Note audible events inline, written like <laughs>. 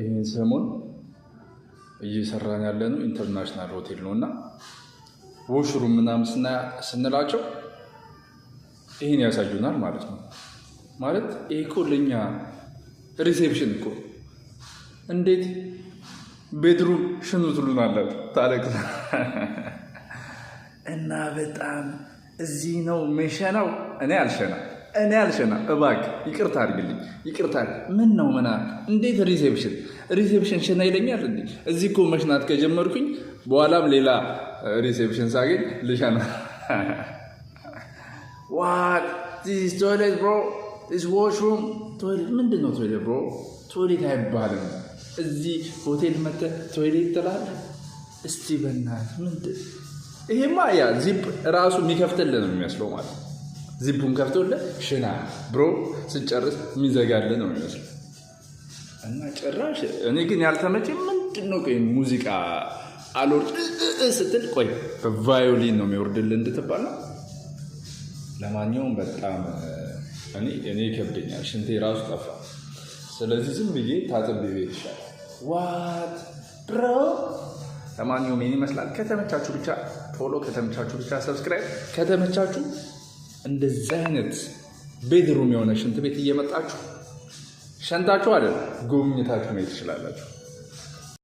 ይህን ሰሞን እየሰራን ያለ ነው ኢንተርናሽናል ሆቴል ነው እና ወሽሩ ምናምን ስንላቸው ይህን ያሳዩናል ማለት ነው። ማለት ይህ እኮ ለእኛ ሪሴፕሽን እኮ እንዴት ቤድሩም ሽኑ ታለቅ እና በጣም እዚህ ነው መሸናው። እኔ አልሸና እኔ አልሸና እባክህ ይቅርታ አድርግልኝ፣ ይቅርታ ምን ነው ምና እንዴት ሪሴፕሽን ሪሴፕሽን ሸና ይለኛል እ እዚህ እኮ መሽናት ከጀመርኩኝ በኋላም ሌላ ሪሴፕሽን ሳገኝ ልሸና። <laughs> ዋት ዚስ ቶይሌት ብሮ ዚስ ዋሽሩም ቶይሌት ምንድን ነው ቶይሌት ብሮ ቶይሌት አይባልም። እዚህ ሆቴል መተ ቶይሌት ትላለህ። እስቲ በናት ምንድ ይሄማ ያ ዚፕ ራሱ የሚከፍትልን ነው የሚመስለው ማለት ነው ዚቡን ከፍቶለ ሽና ብሮ ስጨርስ የሚዘጋለ ነው የሚመስለው። እና ጭራሽ እኔ ግን ያልተመቼ ምንድን ነው ቆይ ሙዚቃ አልወርድ ስትል ቆይ በቫዮሊን ነው የሚወርድልን እንድትባል ነው። ለማንኛውም በጣም እኔ እኔ ይከብደኛል፣ ሽንቴ ራሱ ጠፋ። ስለዚህ ዝም ብዬ ታጥብ ቤት ይሻል ዋት ብሮ ለማንኛውም ይህን ይመስላል። ከተመቻችሁ ብቻ ቶሎ ከተመቻችሁ ብቻ ሰብስክራይብ ከተመቻችሁ እንደዚህ አይነት ቤድሩም የሆነ ሽንት ቤት እየመጣችሁ ሸንታችሁ አይደለም ጉብኝታችሁ መሄድ ትችላላችሁ።